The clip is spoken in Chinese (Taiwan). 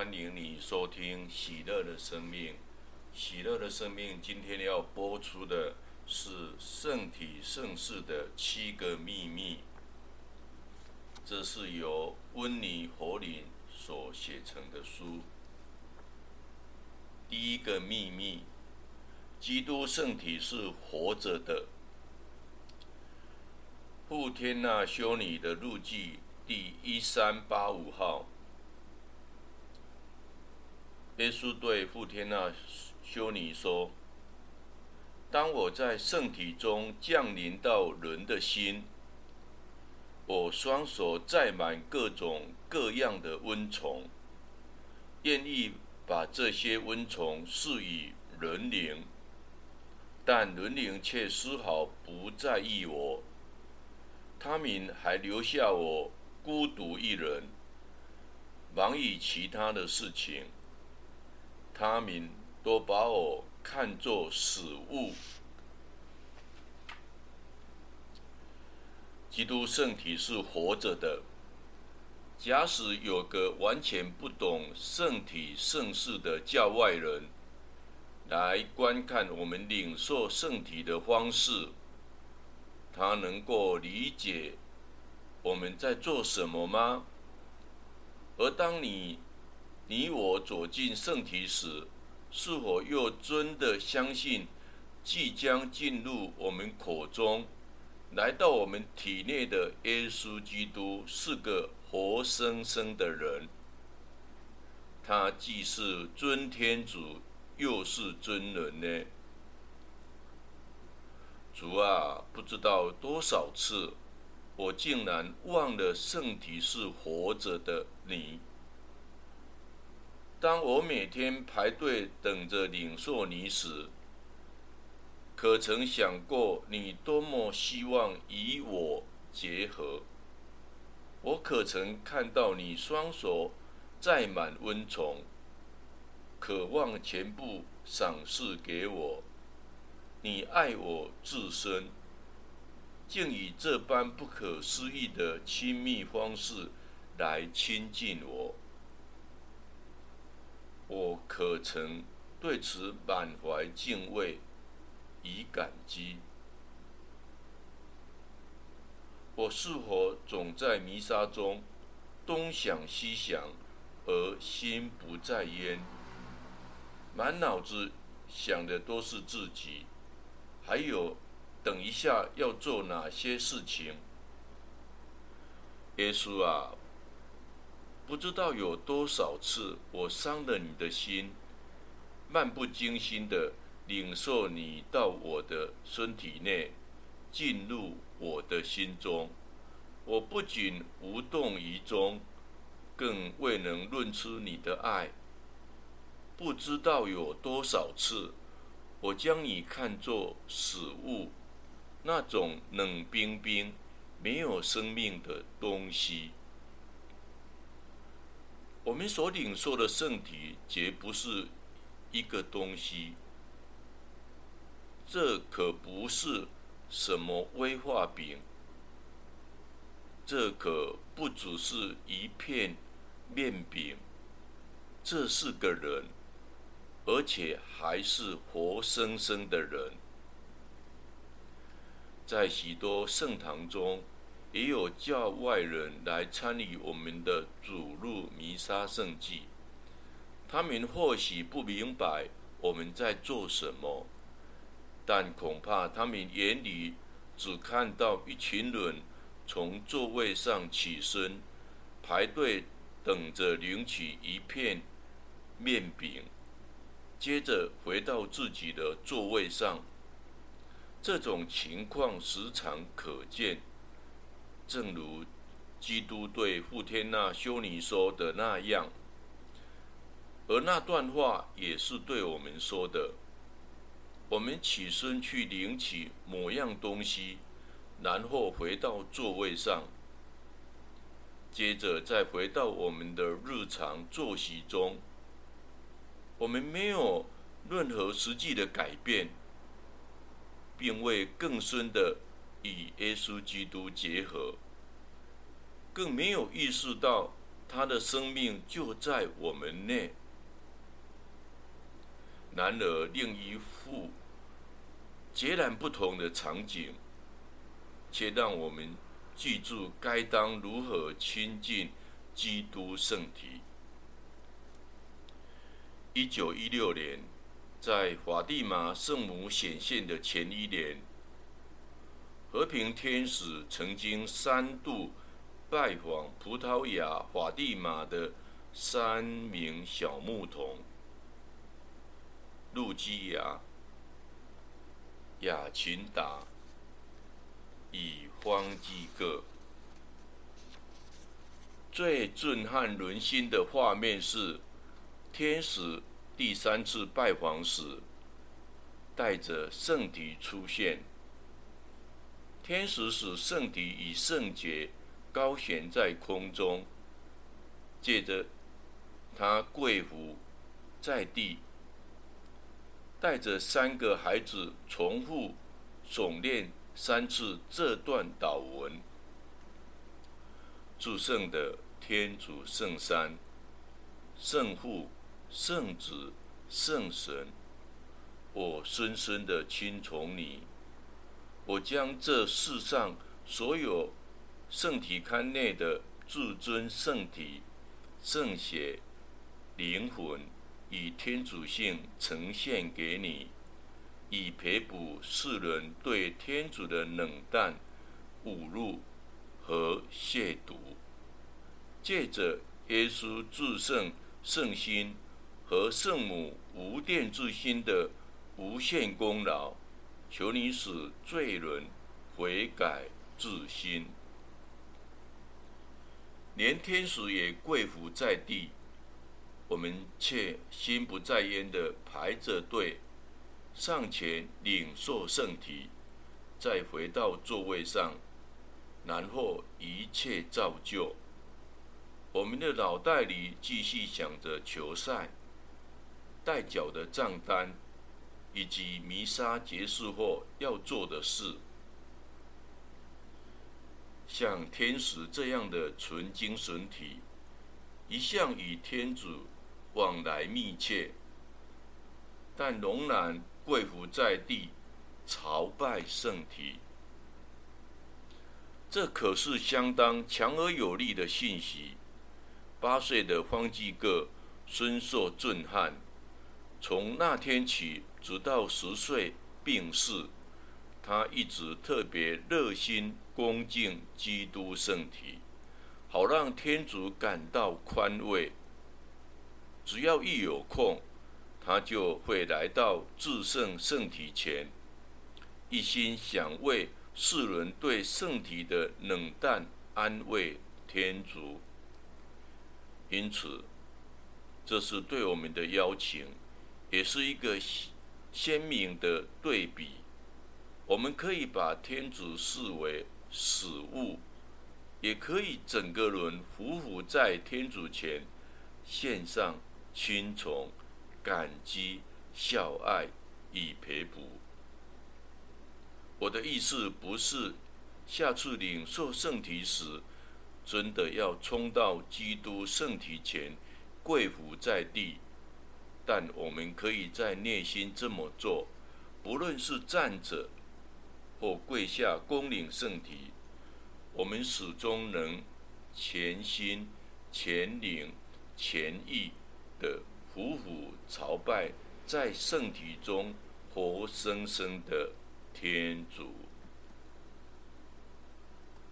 歡迎你收聽喜樂的生命《喜樂的生命》。《喜樂的生命》今天要播出的是《聖體聖事的七個秘密》，這是由溫尼·佛林所寫成的書。第一個秘密：基督聖體是活着的。傅天娜修女的日記第一三八五號。耶穌對傅天娜修女說：“當我在聖體中降臨到人的心，我雙手載滿各種各樣的恩寵，願意把這些恩寵賜予人靈，但人靈卻絲毫不在意我，他們還留下我孤獨一人，忙於其他的事情。”他們都把我看作死物。基督聖體是活着的。假使有個完全不懂聖體聖事的教外人來觀看我們領受聖體的方式，他能夠理解我們在做什麼嗎？而當你……你我走進聖體時，是否又真的相信，即將進入我們口中，來到我們體內的耶穌基督是個活生生的人？他既是尊天主，又是尊人呢？主啊，不知道多少次，我竟然忘了聖體是活着的你。當我每天排隊等着領受你時，可曾想過，你多麼希望與我結合？我可曾看到你雙手載滿溫寵，渴望全部賞賜給我？你愛我至深，竟以這般不可思議的親密方式來親近我。我可曾對此滿懷敬畏與感激？我是否總在彌撒中東想西想，而心不在焉，滿腦子想的都是自己，還有等一下要做哪些事情？耶穌啊！不知道有多少次，我傷了你的心，漫不經心地領受你到我的身體內，進入我的心中。我不僅無動於衷，更未能認出你的愛。不知道有多少次，我將你看作死物，那種冷冰冰、沒有生命的東西。我們所領受的聖體絕不是一個東西，這可不是什麼威化餅，這可不只是一片麵餅，這是個人，而且還是活生生的人，在許多聖堂中。也有教外人來參與我們的主路彌撒聖祭。他們或許不明白我們在做什麼，但恐怕他們眼裡只看到一群人從座位上起身，排隊等着領取一片麵餅，接着回到自己的座位上。這種情況時常可見。正如基督對傅天娜修女說的那樣，而那段話也是對我們說的。我們起身去領取某樣東西，然後回到座位上，接着再回到我們的日常作息中。我們沒有任何實際的改變，並未更深的，與耶穌基督結合，更沒有意識到他的生命就在我們內。然而，另一幅截然不同的場景，卻讓我們記住該當如何親近基督聖體。一九一六年，在法蒂瑪聖母顯現的前一年。和平天使曾經三度拜訪葡萄牙法蒂瑪的三名小牧童：路基亞、雅琴達、以方濟各。最震撼人心的畫面是，天使第三次拜訪時，帶着聖體出現。天使使聖體與聖潔高懸在空中，借着他跪伏在地，帶着三個孩子重複誦念三次這段禱文至聖的天主聖三，聖父、聖子、聖神，我深深的欽崇你。我將這世上所有聖體龕內的至尊聖體、聖血、靈魂與天主性，呈現給你，以賠補世人對天主的冷淡、侮辱和褻瀆。借着耶穌至聖聖心和聖母無玷之心的無限功勞。求你使罪人悔改自新，連天使也跪伏在地，我們卻心不在焉的排着隊上前領受聖體，再回到座位上，然後一切照舊。我們的腦袋裡繼續想着球賽、待繳的賬單。以及彌撒結束後要做的事，像天使這樣的純精神體，一向與天主往來密切，但仍然跪伏在地朝拜聖體。這可是相當強而有力的信息。八歲的方濟各深受震撼。從那天起，直到十歲病逝，他一直特別熱心恭敬基督聖體，好讓天主感到寬慰。只要一有空，他就會來到至聖聖體前，一心想為世人對聖體的冷淡安慰天主。因此，這是對我們的邀請。也是一個鮮明的對比。我們可以把天主視為死物，也可以整個人匍匐在天主前，獻上、欽崇、感激、孝愛，以賠補。我的意思不是下次領受聖體時，真的要衝到基督聖體前跪伏在地。但我們可以在內心這麼做，不論是站着或跪下恭領聖體，我們始終能全心、全靈、全意的匍匐朝拜在聖體中活生生的天主。